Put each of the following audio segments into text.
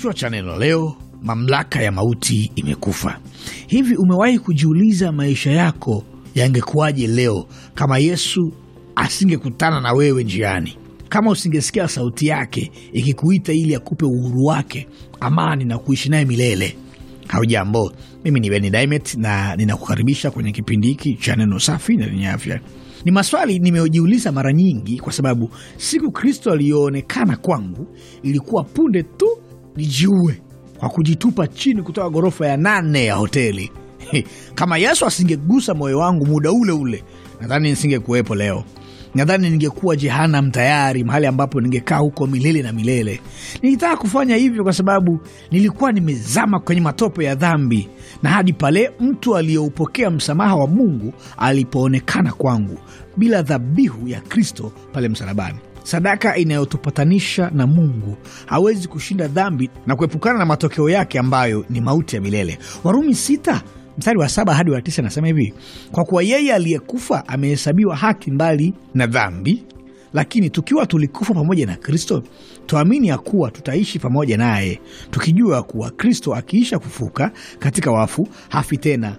Kichwa cha neno leo: mamlaka ya mauti imekufa. Hivi umewahi kujiuliza maisha yako yangekuwaje leo kama Yesu asingekutana na wewe njiani, kama usingesikia sauti yake ikikuita ili akupe uhuru wake, amani na kuishi naye milele? Haujambo, mimi ni Beni Dimet na ninakukaribisha kwenye kipindi hiki cha neno safi na lenye afya. Ni maswali nimejiuliza mara nyingi, kwa sababu siku Kristo aliyoonekana kwangu ilikuwa punde tu nijiue kwa kujitupa chini kutoka ghorofa ya nane ya hoteli. Kama Yesu asingegusa moyo wangu muda ule ule, nadhani nisingekuwepo leo. Nadhani ningekuwa jehanam tayari, mahali ambapo ningekaa huko milele na milele. Nilitaka kufanya hivyo kwa sababu nilikuwa nimezama kwenye matope ya dhambi, na hadi pale mtu aliyeupokea msamaha wa Mungu alipoonekana kwangu bila dhabihu ya Kristo pale msalabani sadaka inayotupatanisha na Mungu. Hawezi kushinda dhambi na kuepukana na matokeo yake ambayo ni mauti ya milele. Warumi sita mstari wa saba hadi wa tisa anasema hivi: kwa kuwa yeye aliyekufa amehesabiwa haki mbali na dhambi. Lakini tukiwa tulikufa pamoja na Kristo, tuamini ya kuwa tutaishi pamoja naye, tukijua kuwa Kristo akiisha kufuka katika wafu hafi tena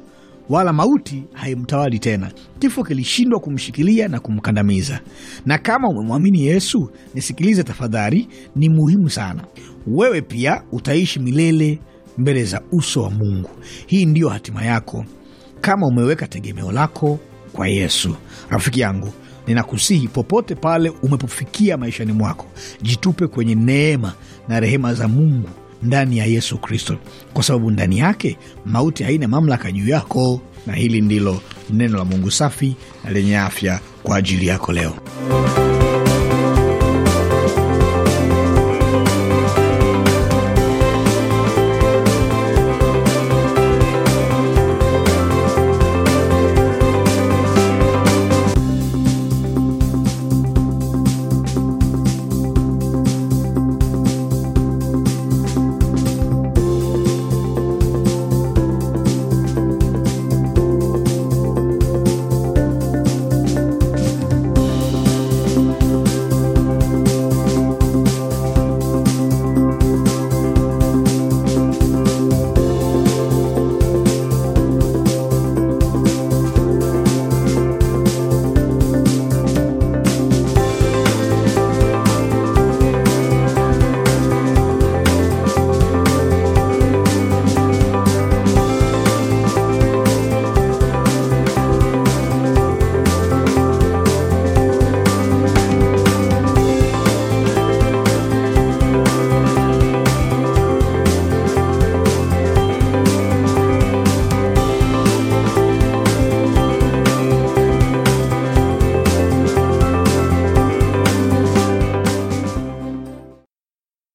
wala mauti haimtawali tena. Kifo kilishindwa kumshikilia na kumkandamiza. Na kama umemwamini Yesu, nisikilize tafadhali, ni muhimu sana. Wewe pia utaishi milele mbele za uso wa Mungu. Hii ndiyo hatima yako kama umeweka tegemeo lako kwa Yesu. Rafiki yangu, ninakusihi popote pale umepofikia maishani mwako, jitupe kwenye neema na rehema za Mungu ndani ya Yesu Kristo, kwa sababu ndani yake mauti haina mamlaka juu yako. Na hili ndilo neno la Mungu safi na lenye afya kwa ajili yako leo.